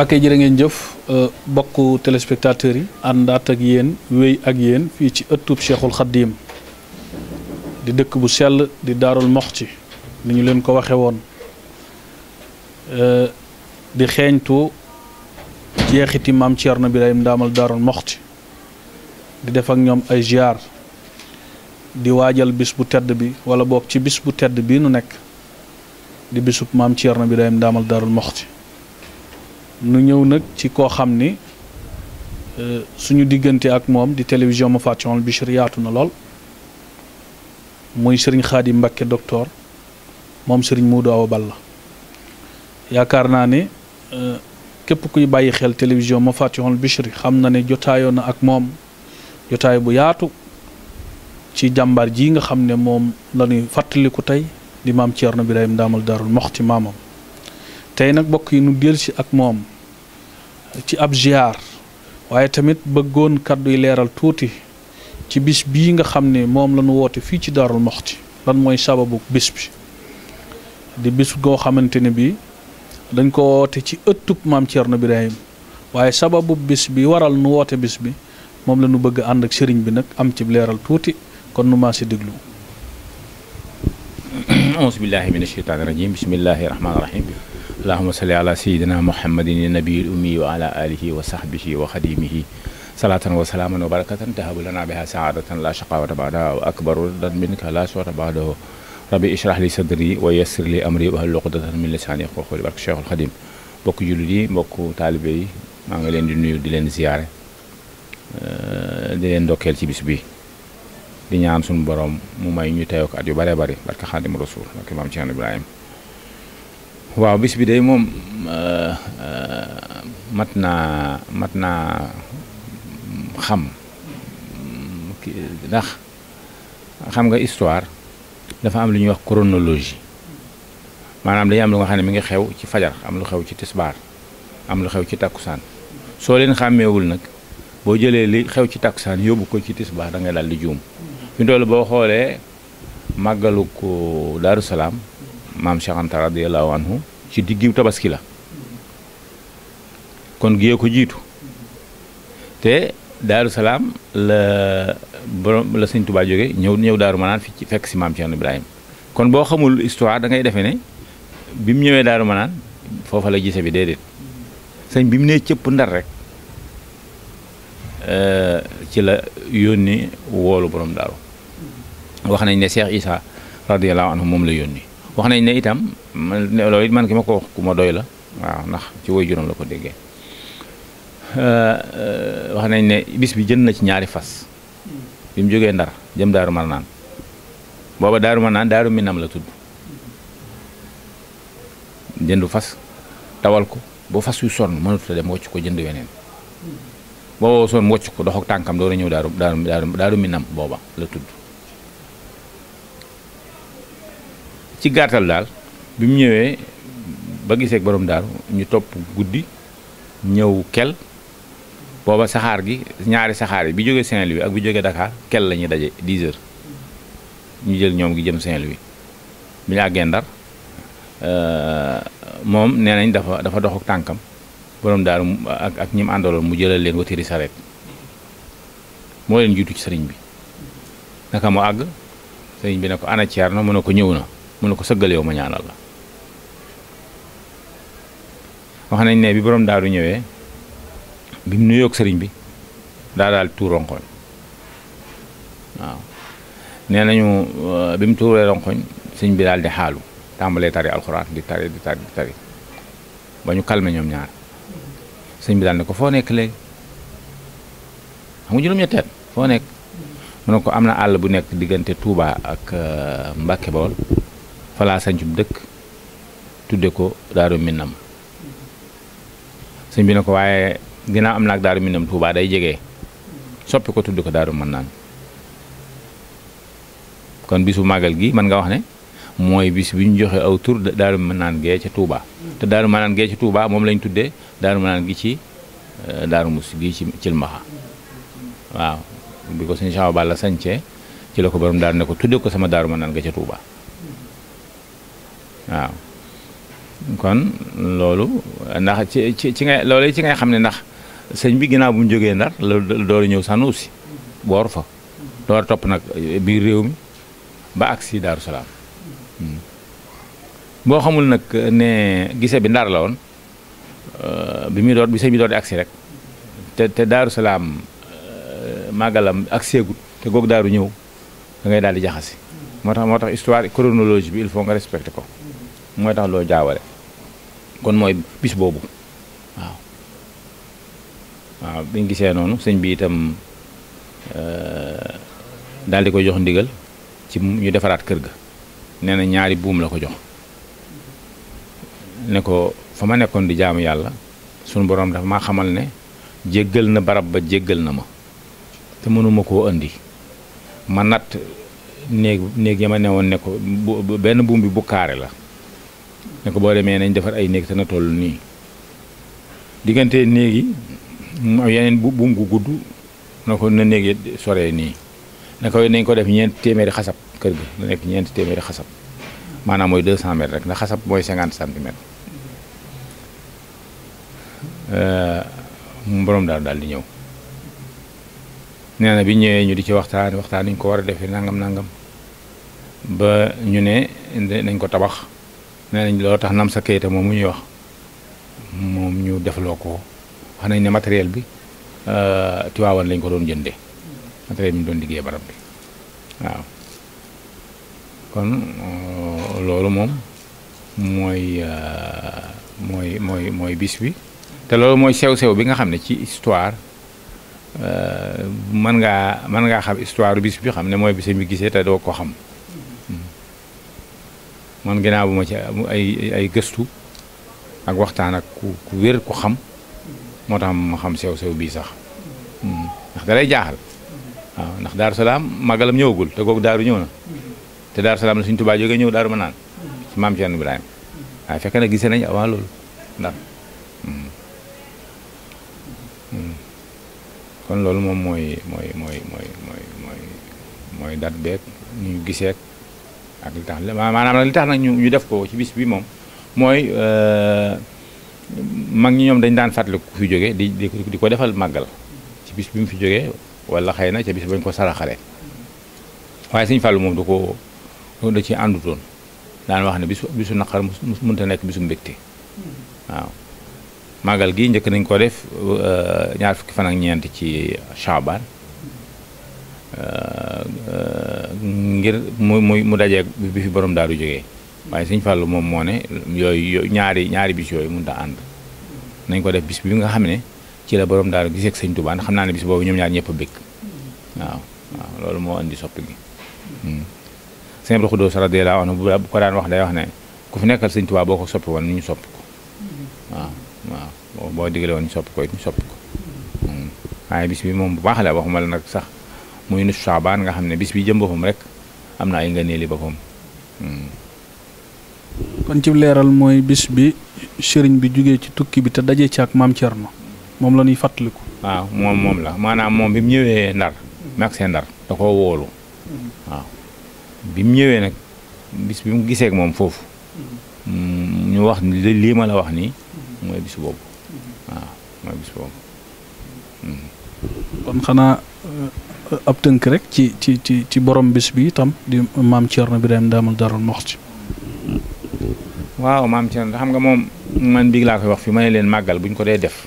waa kay ngeen jëf euh, bokk téléspectateurs yi àndaat ak yéen wéy ak yéen fii ci ëttub Cheikhul Khadim di dëkk bu sell di daarul moxti ni ñu leen ko waxe woon euh, di xeeñtu jeexiti maam Thierno Birahim Ndaamal daarul moxti di def ak ñoom ay ziar di waajal bis bu tedd bi wala boog ci bis bu tedd bii nu nekk di bisub maam Thierno Birahim Ndaamal daarul moxti nu ñëw nag ci koo xam ni euh, suñu diggante ak moom di télévision ma fàttiwonal Bichri yaatu na lool muy sëriñ Xaadim Mbakke docteur moom sëriñ mu Muudu Awa Balla yaakaar naa ne euh, képp kuy bàyyi xel télévision ma fàttiwonal Bichri xam na ne jotaayoo na ak moom jotaay bu yaatu ci jàmbaar ji nga xam ne moom la ñuy fàttaliku tey di maam Ceerno Birahim Daamal darul Moxti maamam tey nag bokk yi nu si ak moom ci ab ziar waaye tamit bëggoon kàddu leeral tuuti ci bis bii nga xam ne moom la ñu woote fii ci Daarul Muxti lan mooy sababu bis bi di bis goo xamante ne bii dañ ko woote ci ëttub maam na Birahim waaye sababu bis bi waral nu woote bis bi moom la bëgg ànd ak sëriñ bi nag am ci leeral tuuti kon nu maa si déglu auzu billaahi mina sheytaani rajiim bismillaahi rahmaani allahuma salli ala sayidina muhammadin nabiil ummi wa ala alihi wa sahbihi wa xadimihi salaatan wa salaaman wa barakatan tahabu lana biha saadatan la shaqawata baada wa akbaru dan minka la sota baadaho rabbi ishrah li sadri wa yassir li amri wa hal uqdatan min lisani yafqahu qawli barke cheikhul xadim mbokk jullit yi mbokk taalibe yi maa ngi leen di nuyu di leen ziyaare eh, di leen ndokkeel ci bis bi di ñaan suñu borom mu may ñu teew ak at yu bare bari barke xaadim rasul barke maam Cheikh Ibrahima waaw bis bi day moom euh, euh, mat naa mat naa xam ndax xam nga histoire dafa am lu ñuy wax chronologie maanaam dañuy am lu nga xam ne mi ngi xew ci fajar am lu xew ci tisbaar am lu xew ci tàkkusaan soo leen xàmmeewul nag boo jëlee li xew ci takkusaan yóbbu ko ci tisbaar da ngay daal di juum fi mu toll boo xoolee màggalu ko Daaru Salaam maam Cheikh Anta radiyallahu anhu ci diggiw tabaski la kon gée ko jiitu te daaru salaam la borom la sëñ Tuubaa jóge ñëw ñëw daaru manaan fi ci fekk si maam Cheikh Ibrahima kon boo xamul histoire da ngay defee ne bi mu ñëwee daaru manaan foofa la gise bi déedéet sëñ bi mu nee cëpp ndar rek euh, ci la yónni woolu borom daaru wax nañ ne Cheikh Isa radiyallahu anhu moom la yónni wax nañ ne itam loolu it man ki ma ko wax ku ma doy la waaw ndax ci woy juróom la ko déggee euh, euh, wax nañ ne bis bi jënd na ci ñaari fas hmm. bi mu jógee ndar jëm daaru marnaan booba daaru naan daaru minam la tudd hmm. jëndu fas dawal ko ba fas yu sonn mënatu dem wocc ko jënd weneen hmm. booba sonn wocc ko dox ak tànkam door a ñëw daaru daaru daaru booba la tudd ci gàttal daal bi mu ñëwee ba gisee ak borom daaru ñu topp guddi ñëw kel booba saxaar gi ñaari saxaar yi bi jógee Saint-Louis ak bi jógee Dakar kel lañu daje 10 heures ñu jël ñoom gi jëm Saint-Louis bi ñu àggee Ndar euh, moom nee nañ dafa dafa dox ak tànkam boroom daaru ak ak àndalool mu àndaloon jëlal leen watiiri sareet moo leen jiitu ci sëriñ bi naka mu àgg sëriñ bi ne ko ana Ceerno mu ne ko ñëw na mu ne ko sëggal yow ñaanal la wax nañ ne bi borom du ñëwee bi mu nuyoog sëriñ bi daa daal tuur ronkoñ waaw nee nañu euh, bi mu tuuree ronkoñ sëñ bi daal di xaalu tàmbalee tari alxuraan di tari di tari di tari ba ñu calmé ñoom ñaar sëñ bi daal ne ko foo nekk léegi xam nga juróom ñetteet foo nekk mu ne ko am na àll bu nekk diggante Touba ak euh, Mbacke Bawol falaa sañcub dëkk tudde ko daaru minam sëñ bi ne ko waaye ginnaaw am naag daaru minam tuubaa day jege soppi ko tudde ko daaru mën naan kon bisu màggal gi mën nga wax ne mooy bis bu ñu joxee aw tur daaru mën naan gee ca tuubaa te daaru mën naan gee ca tuubaa moom lañ tuddee daaru mën naan gi ci eh, daaru mus gi ci cilmaxa waaw bi ko sëñ Cheikh Balla sañcee ci la ko borom daaru ne ko tuddee ko sama daaru mën naan gee ca tuubaa waaw kon loolu ndax ci ci ci ngay loolu ci ngay xam ne ndax sëñ bi ginnaaw bu mu jógee ndar la door a ñëw Sanusi boor fa door topp nag biir réew mi ba agsi Daaru Salaam hmm. boo xamul nag ne gise bi ndar la woon euh, bi muy door bi sëñ bi door di agsi rek te te Daaru Salaam euh, ak agseegut te goog daaru ñëw da ngay daal di jaxasi moo tax moo tax histoire chronologie bi il faut nga respecté ko mooy tax loo jaawale kon mooy bis boobu waaw waaw gisee noonu sëñ bi itam euh, daal di ko jox ndigal ci ñu defaraat kër ga nee na ñaari buum la ko jox ne ko fa ma nekkoon di jaamu yàlla sunu borom dafa maa xamal ne jéggal na barab ba jéggal na ma te mënuma koo indi ma natt néeg néeg ya ma newoon ne ko benn buum bi bu kaare la ne ko boo demee nañ defar ay néeg te na toll nii diggante néegi yi mu am yeneen bu buum gudd na ko na néeg yi soree nii na ko nañ ko def ñeent téeméeri xasab kër ga na nekk ñeenti téeméeri xasab maanaam mooy 200 mètres rek ndax xasab mooy 50 centimètres mu euh, borom daal daal di ñëw nee na bi ñëwee ñu di ci waxtaan waxtaan ñu ko war a defee nangam nangam ba ñu ne nañ ko tabax. nee nañ loolu tax Namsa Keita moom mu ñuy wax moom ñu defloo ko wax nañ ne matériel bi euh, Tiwaawan lañ ko doon jëndee matériel bi ñu doon liggéey barab bi waaw kon euh, loolu moom mooy euh, mooy mooy mooy bis bi te loolu mooy sew-sew bi nga xam ne ci histoire mën ngaa mën ngaa xam histoire bis bi xam ne mooy bisa mi gisee te doo ko xam man ginnaaw bu ma ci ay ay gëstu ak waxtaan ak ku ku wér ku xam moo tax ma xam sew sew bii sax hmm. ndax da jaaxal waaw ndax Daaru Salaam màggalam ñëwagul te googu daaru ñëw na te Daaru Salaam la suñ Tuubaa jógee ñëw daaru ma naan ci maam Cheikh Ibrahima waaye fekk na gisee nañ avant loolu ndax hmm. Hmm. kon loolu moom mooy mooy mooy mooy mooy mooy dat beeg ñu gisee ak li tax maanaam li tax nag ñu def ko ci bis bi moom mooy euh, mag ñi ñoom dañ daan fàttaliku ku fi jóge di di ko defal màggal ci bis bi mu fi jógee wala xëy na ca bis bañ ko saraxale waaye Sëñ Fàllu moom du ko da ci àndutoon daan wax ne bisu bisu naqar mënta nekk bisu mbégte waaw màggal gi njëkk nañ ko def euh, ñaar fukki fan ak ñeent ci Chaabaan Euh, euh, ngir mu mu mu dajeeg bi fi borom daaru jógee waaye sëñ Fallou moom moo ne yooyu ñaari ñaari bis yooyu mënut a ànd nañ ko def bis bi nga xam ne ci la borom daaru gisee ak sëñ Touba xam naa ne bis boobu ñoom ñaar ñëpp a bëgg waaw waaw loolu moo indi sopp gi. Hmm. sëñ Abdou Khoudoss radiyallahu bu ko daan wax day wax ne ku fi nekkal sëñ Touba boo ko soppi woon ñu soppi ko waaw ko it ñu hmm. bis bi moom bu baax la waxuma la nag sax. muy nus saabaan nga xam ne bis bi jëm boppam rek am na ay ngëneeli boppam hmm. kon ci leeral mooy bis bi sëriñ bi jugee ci tukki bi te dajee ci ak maam Thierno moom la ñuy fàttaliku. waaw moom moom la maanaam moom bi mu ñëwee ndar mag seen ndar da koo woolu waaw bi mu ñëwee nag bis bi mu giseek moom foofu ñu wax lii ma la wax nii mooy bis boobu waaw mooy bis boobu. Mhm. kon xanaa euh, ab tënk rek ci ci ci ci borom bis bi itam di maam Thierno Birahim Daamal Daarul Muxti waaw maam Thierno xam nga moom man bii laa koy wax fi ma leen màggal buñ ko dee def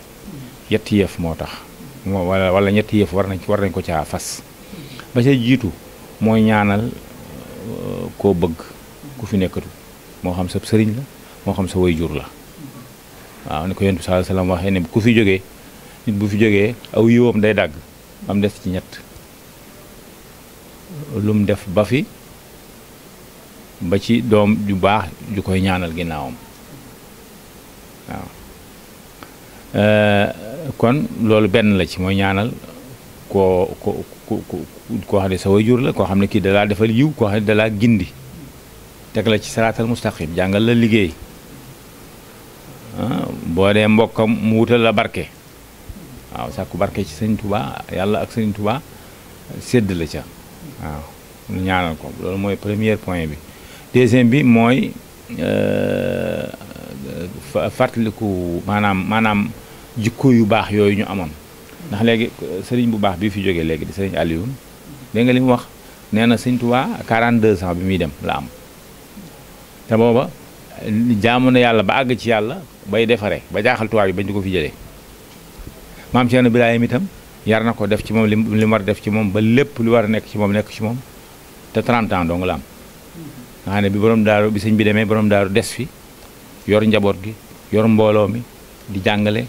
yetti yëf moo tax wala wala ñetti yëf war nañ war nañ ko caa fas ba ca jiitu mooy ñaanal euh, koo bëgg ku fi nekkatu moo xam sa sëriñ la moo xam sa woy jur la waaw ni ko yonent bi sallallahu alayhi wasallam waxee ne ku fi jógee nit bu fi jógee aw yiwam day dàgg am def ci ñett lu mu def ba fi ba ci doom ju baax ju koy ñaanal ginnaawam waaw eh, kon loolu benn la ci mooy ñaanal koo ko koo xam ne sa way la koo xam ne kii dalaa defal yiw koo xam ne dalaa gindi teg la ci saraatal mustaqim jàngal la liggéey ah, boo dee mbokkam mu wutal la barke waaw sàkku barke ci sëñ Touba yàlla ak sëñ Touba sédd la ca waaw ñu ñaanal ko loolu mooy première point bi deuxième bi mooy euh, fàttaliku maanaam maanaam jikko yu baax yooyu ñu amoon ndax léegi sëriñ bu baax bi fi jógee léegi di sëriñ Alioune dégg nga li mu wax nee na sëñ Touba 42 ans bi muy dem la am te booba jaamu na yàlla ba àgg ci yàlla bay defaree ba jaaxal tubaab yi bañ di ko fi jëlee maam Cerno Birahim itam yar na ko def ci moom li mu war def ci moom ba lépp lu war a nekk ci moom nekk ci moom te 30 ans dong la am mm-hmm. nga xam ne bi borom daaru bi sëñ bi demee borom daaru des fi yor njaboot gi yor mbooloo mi di jàngale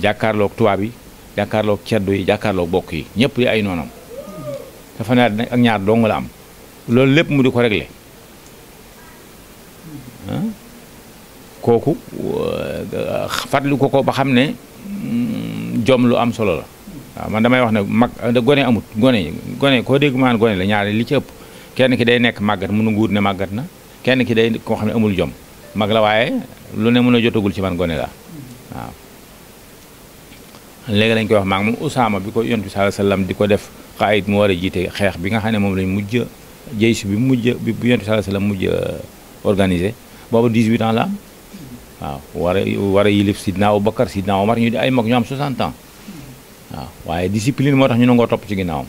jàkkaarlook tubaab yi jàkkaarlook ceddo yi jàkkaarloog bokk yi ñëpp di ay noonam mm-hmm. dafa naa ak ñaar dong la am loolu lépp mu di ko réglé mm-hmm. ah? kooku fàttali ko ko ba xam ne mm, jom lu am solo la waaw man damay wax ne mag gone amut gone gone koo dégg maan gone la ñaari li ci ëpp kenn ki day nekk màggat mënu nguur ne màggat na kenn ki day koo xam ne amul jom mag la waaye lu ne mën a jotagul ci man gone la waaw léegi lañ koy wax maa ngi moom Usaama bi ko yontu bi sallam di ko def xaayit mu war a jiite xeex bi nga xam ne moom lañ mujj jeysu bi mujj bi bu yontu bi sallam mujj euh, organisé boobu 18 ans la am waaw war a war a yilif sidna Abubakar sidna Omar ñu di ay mag ñu am 60 ans waaw waaye discipline moo tax ñu nangoo topp ci ginnaawam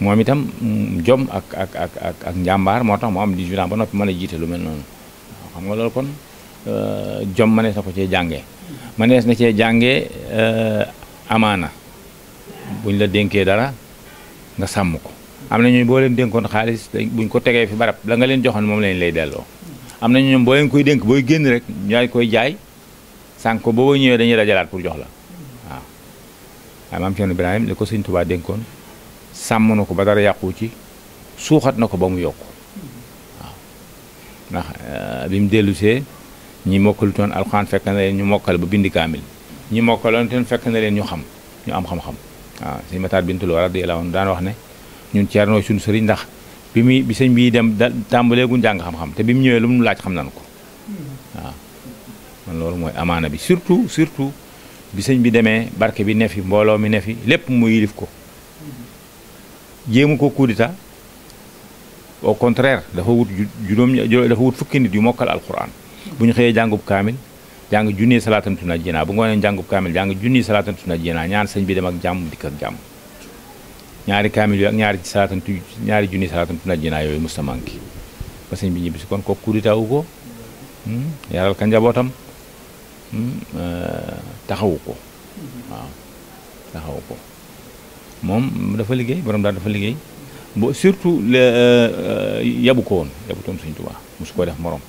moom itam jom ak ak ak ak ak njàmbaar moo tax mu am 18 ans ba noppi mën a jiite lu mel noonu xam nga loolu kon euh, jom mënees na ko cee jàngee mënees na cee jàngee euh, amaana buñ la dénkee dara nga sàmm ko am na ñuy boo leen dénkoon xaalis buñ ko tegee fi barab la nga leen joxoon moom lañ lay delloo am na ñoom boo leen koy dénk booy génn rek ñaay koy jaay sànq ko ñëwee dañuy dajalaat pour jox la waaw waaye maam Cerno ko sëñ Tuubaa sàmm na ko ba dara yàqu ci suuxat na ko ba mu yokk waaw ndax euh, bi mu dellusee ñi mokkalu toon alxuraan fekk na ñu mokkal ba bindi kaamil ñi mokkaloon toon fekk na leen ñu xam ñu am xam-xam waaw Lo radiyallaahu anhu daan wax ne ñun Ceerno suñu sëriñ ndax bi muy bi bii dem da tàmbaleegu njàng xam-xam te bi mu ñëwee lu mu laaj xam nañ ko hmm. waaw man loolu mooy amaana bi surtout surtout bi bi demee barke bi ne mbooloo mi ne lépp mu yilif ko hmm. jéemu ko coup d'état au contraire dafa wut juróom dafa wut fukki nit yu mokkal alquran bu ñu xëyee jàngub kaamil jàng junni salaatam tuna jéenaa bu ngoonee jàngub kaamil jàng junni salaatam tuna jéenaa ñaan sëñ bi dem ak jàmm dikk ak jàmm ñaari kaamil yooyu ak ñaari saatantu ñaari junni saatantu na naa yooyu musta manqué ba sëñ bi ñibbi si kon ko kuritaawu hmm, ko yaral ka njabootam hmm, euh, taxawu ko waaw taxawu ko moom dafa liggéey borom daal dafa liggéey surtout euh, yebu ko woon yabutoon sëñ tubaa mosu ko def morom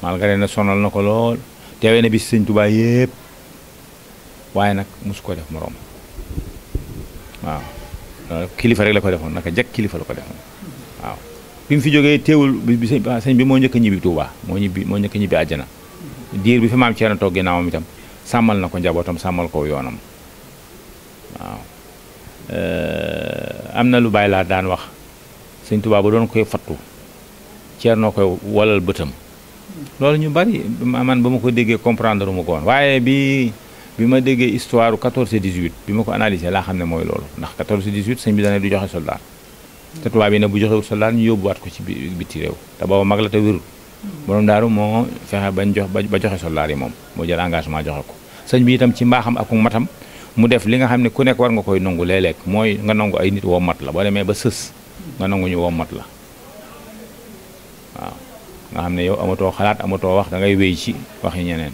malgré na sonal na ko lool teewee na bis sëñ tubaa yëpp waaye nag mosu ko def morom waaw Euh, kilifa rek la ko defoon naka jekk kilifa la ko defoon waaw bi mu fi jógee téewul bi sëñ bi moo njëkk a ñibbi Touba moo ñibbi moo njëkk a ñibbi àjjana diir bi fi maam Thierno naa ginnaawam tam sàmmal na ko njabootam sàmmal ko yoonam waaw euh, am na lu bàyyi laa daan wax sëñ Touba ba doon koy fattu noo koy walal bëtam loolu ñu bari man ba ma ko déggee comprendre mu ko waaye bi bi ma déggee histoire 14 et 18 bi ma ko analysé laa xam ne mooy loolu ndax 14 et 18 sëñ bi dane du joxe soldat te tubaab yi ne bu joxewul soldat ñu yóbbuwaat ko ci biti réew te booba mag la te wérul borom daaru moo fexe bañ jox ba joxe soldat yi moom moo jël engagement ko sëñ bi itam ci mbaaxam ak matam mu def li nga xam ne ku nekk war nga koy nangu léeg-léeg mooy nga nangu ay nit woo mat la boo demee ba sës nga nangu ñu woo mat la waaw nga xam ne yow amatoo xalaat amatoo wax da ngay wéy ci waxi ñeneen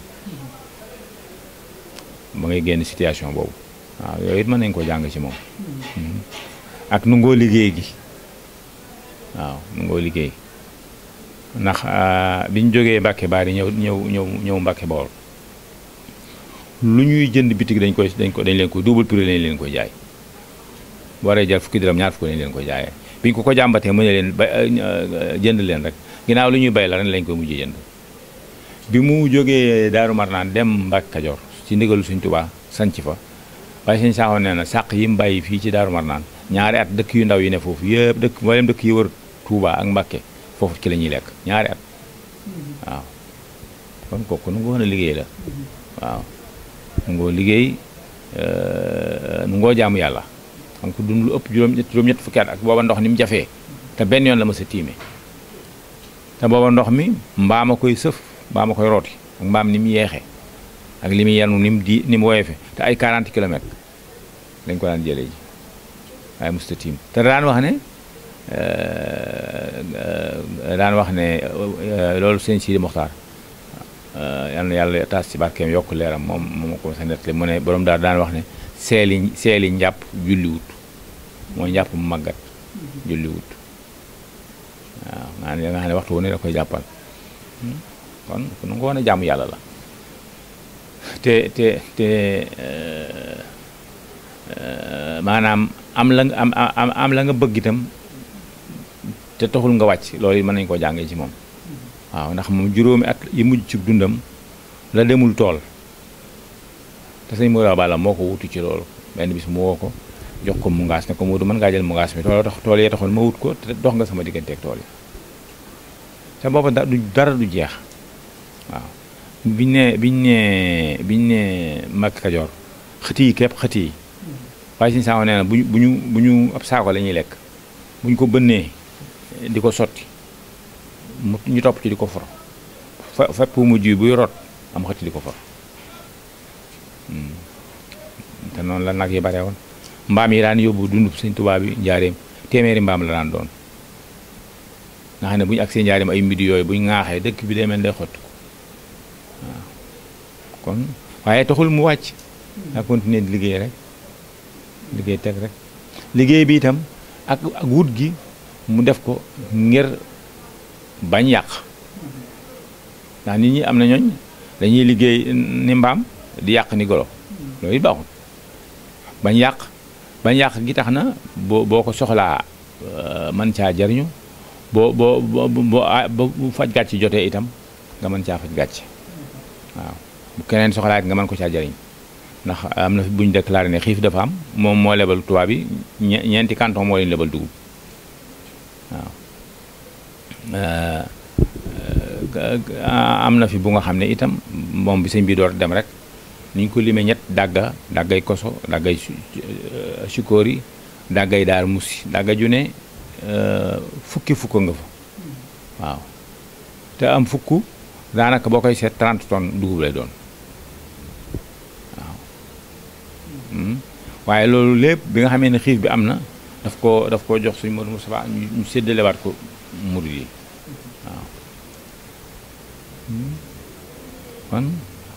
ba ngay génn situation boobu waaw yooyu it mën nañ ko jàng ci moom mhm. ak nu ngoo liggéey gi ngoo liggéey ndax ah, bi ñu jógee Mbàkke Baari ñëw ñëw ñëw ñëw Mbàkke Bawol lu ñuy jënd bitig dañ koy dañ ko dañ leen koy double prix lañ leen koy jaay waree jar fukki dërëm ñaar fukki lañ leen koy jaayee bi ñu ko ko jàmbatee mu ne leen ba euh, euh, jënd leen rek ginnaaw lu ñuy bay la ren lañ koy mujjee jënd bi mu jógee Daaru naan dem Mbàkke Kajoor ci ndigalu Sëñ Tuubaa sanc fa waaye sëñ Sakho nee na sàq yi mu bàyyi fii ci Daaru Marnaan ñaari at dëkk yu ndaw yi ne foofu yëpp dëkk mboolem dëkk yi wër Touba ak Mbàkke foofu ci la lekk ñaari at waaw nu ngoo liggéey la nu ngoo liggéey euh, ngoo jaamu yàlla xam ko dund lu ëpp juróom-ñett fukki at ak booba ndox ni mu jafee te benn yoon la ma sa tiime te booba ndox mi mbaama koy sëf mbaam a koy rooti ak mbaam ni mu yeexee ak li muy yenu di ni mu woyofe te ay 40 kilomètres dañ ko daan jëlee ji waaye musta te daan wax ne euh, euh, daan wax ne euh, loolu sëñ Sidi Moxtaar yal na yàlla taas ci barkeem yokk leeram moom moom ko sa nettali mu ne borom daal daan wax ne seeli seeli njàpp julliwut mooy njàpp mu màggat julliwut waaw nga xam ne waxtu wu ne da koy jàppal hmm? kon nu nga woon a yàlla la te te te eh, eh, maanaam am la nga am am am la nga bëgg itam te taxul nga wàcc loolu yi mën nañu koo jàngee ci moom waaw ndax moom juróomi at yi mujj ci dundam la demul tool te sëñ Mourao Balla moo ko wutu ci loolu benn bis mu woo ko jox ko mungaas ne ko Modou mën ngaa jël mungaas mi tool tax tool yee taxoon ma wut ko te dox nga sama digganteeg tool yi te booba dara du jeex waaw biñ nee biñ nee biñ nee mag Kajoor xëti yi képp xëti yi waaye suñu saako nee na buñu bu ñu ab saako la ñuy lekk buñ ko bënnee di ko sotti mu ñu topp ci di ko for fa fépp mujj buy rot am xëti di ko for hmm. te noonu la nag yi bare woon mbaam yi daan yóbbu dundub sëñ Tuubaa bi njaareem téeméeri mbaam la daan doon nga xam ne bu ñu agsee njaareem ay midi yooyu bu ñu ŋaaxee dëkk bi day mel day xottu kon waaye taxul mu wàcc daa continuer liggéey rek liggéey teg rek liggéey bi itam ak ak wut gi mu def ko ngir bañ yàq ndax nit ñi am na ñooñ dañuy liggéey ni mbaam di yàq ni golo loolu it baaxul bañ yàq bañ yàq gi tax na boo boo ko soxlaa man caa jariñu boo boo boo boo faj gàcc jotee itam nga mën caa faj gàcc waaw keneen keneen soxlaat nga mën ko caa jariñ ndax am na fi bu ñu déclaré ne xiif dafa am moom moo lebal tubaab bi ñeenti canton moo leen lebal euh, am na fi bu nga xam ne itam moom bi sëñ bi door dem rek niñ ko lime ñett dàgga dàggay koso dàggay sukóori euh, dàggay daar mussi dàgga ju ne euh, fukki fukk nga fa waaw te am fukk daanaka boo koy seet 30 tonnes dugub lay doon waaye loolu lépp bi nga xamee ne xiif bi am na daf ko daf koo jox suñu Modou Moustapha ñu séddalewaat ko murid yi waaw kon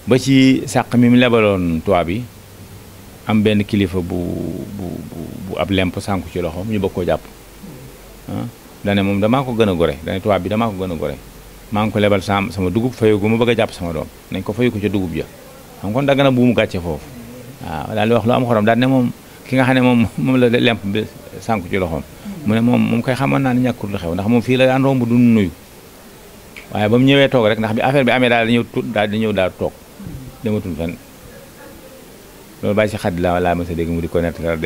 ba ci sàq mi mu lebaloon tubaab bi am benn kilifa bu bu bu ab lemp sànku ci loxo ñu bëgg koo jàpp ah, dane moom damaa ko gën a gore dane tubaab bi damaa ko gën a gore maa ngi ko lebal sam sama dugub fayu gu ma bëgg a jàpp sama doom nañ ko fayu ko ca dugub ja xam kon dagg na bu mu gàcce foofu waaw daal di wax lu am xorom daal moom ki nga xam ne moom moom la lemp bi sànku ci loxoom mu ne moom moom koy xamoon naa ne ñàkkul lu xew ndax moom fii la daan romb du nuyu mu ñëwee toog rek ndax affaire bi amee daal di ñëw daal di ñëw daal toog dematul fenn loolu la laa ma sa dégg mu di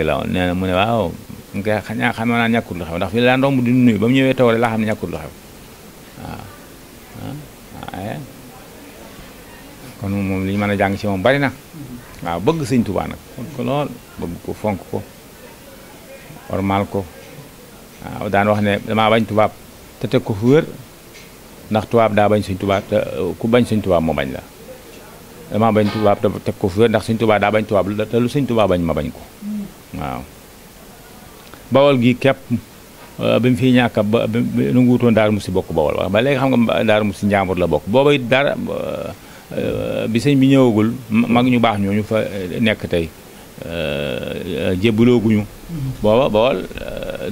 la woon nee mu ne waaw mu koy xamoon naa ñàkkul lu xew ndax fii la daan romb du nuyu ba mu ñëwee toog rek laa xam ne ñàkkul lu xew waaw kon moom li ñu mën a jàng ci moom bari na waaw bëgg sëñ Tuubaa nag bëgg ko lool bëgg ko fonk ko ormal ko waaw daan wax ne damaa bañ tubaab te teg ko fu wér ndax tubaab daa bañ sëñ tubaab te euh, ku bañ sëñ Tuubaa moo bañ la damaa bañ tubaab te teg ko fu wér ndax sëñ Tuubaa daa bañ tubaab te lu sëñ Tuubaa bañ ma bañ ko waaw bawol gi képp euh, bi mu fi ñàkk ba nu ngi wutoon Daaru Musi bokk bawol ba léegi xam nga Daaru Musi njaambur la bokk booba it dara euh, bi sëñ bi ñëwagul mag ñu baax ñooñu fa eh, nekk tey eh, eh, jébbalooguñu mm-hmm. booba bawal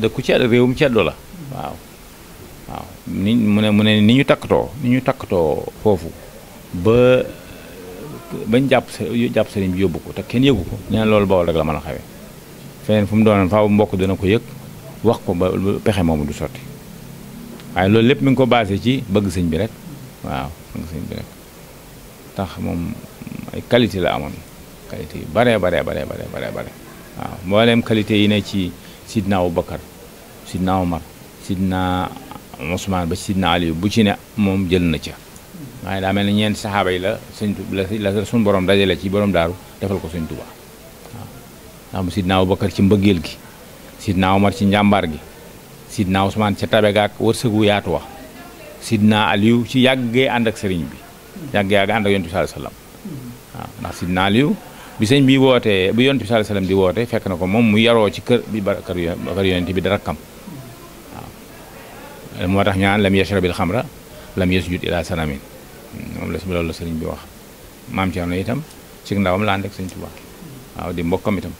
dëkku cedd réewum ceddo la waaw waaw ni mu ne mu ni ñu takkatoo ni ñu takkatoo foofu ba bañ jàpp jàpp sëriñ bi yóbbu ko te kenn yëgu ko nee na loolu bawal rek la mën a xawee feneen fu mu doonoon faaw mbokk dana ko yëg wax ko ba pexe moomu du sotti waaye loolu lépp mu ngi ko basé ci bëgg sëñ bi rek waaw bëgg sëñ bi rek ndax moom ay qualité la amoon qualité yu baree baree baree baree baree bare waaw mbooleem qualité yi ne ci sidna Abubakar sidna Omar sidna Ousmane ba sidna Aliou bu ci ne moom jël na ca waaye daa mel ne ñeenti saxaaba yi la sëñ la la suñ borom dajale ci borom daaru defal ko sëñ Tuubaa waaw ndax sidna Abubakar ci mbëggeel gi sidna Omar ci njàmbaar gi sidna Ousmane ca tabe gaak wërsëgu yaatu wax sidna Aliou ci yàggee ànd ak sëriñ bi yàgg yàgg ànd ak yonent bi sallallahu alayhi wasallam waaw ndax Sidna Aliyu bi sëñ bi wootee bi yonent bi sa alayhi di woote fekk na ko moom mu yaroo ci kër bi bar kër yonent bi da rakkam waaw moo tax ñaan lam yashrabil xamra lam yasjud ila sanamin moom la loolu la bi wax maam Thierno itam ci ndawam la ànd ak sëñ Tuubaa waaw di mbokkam itam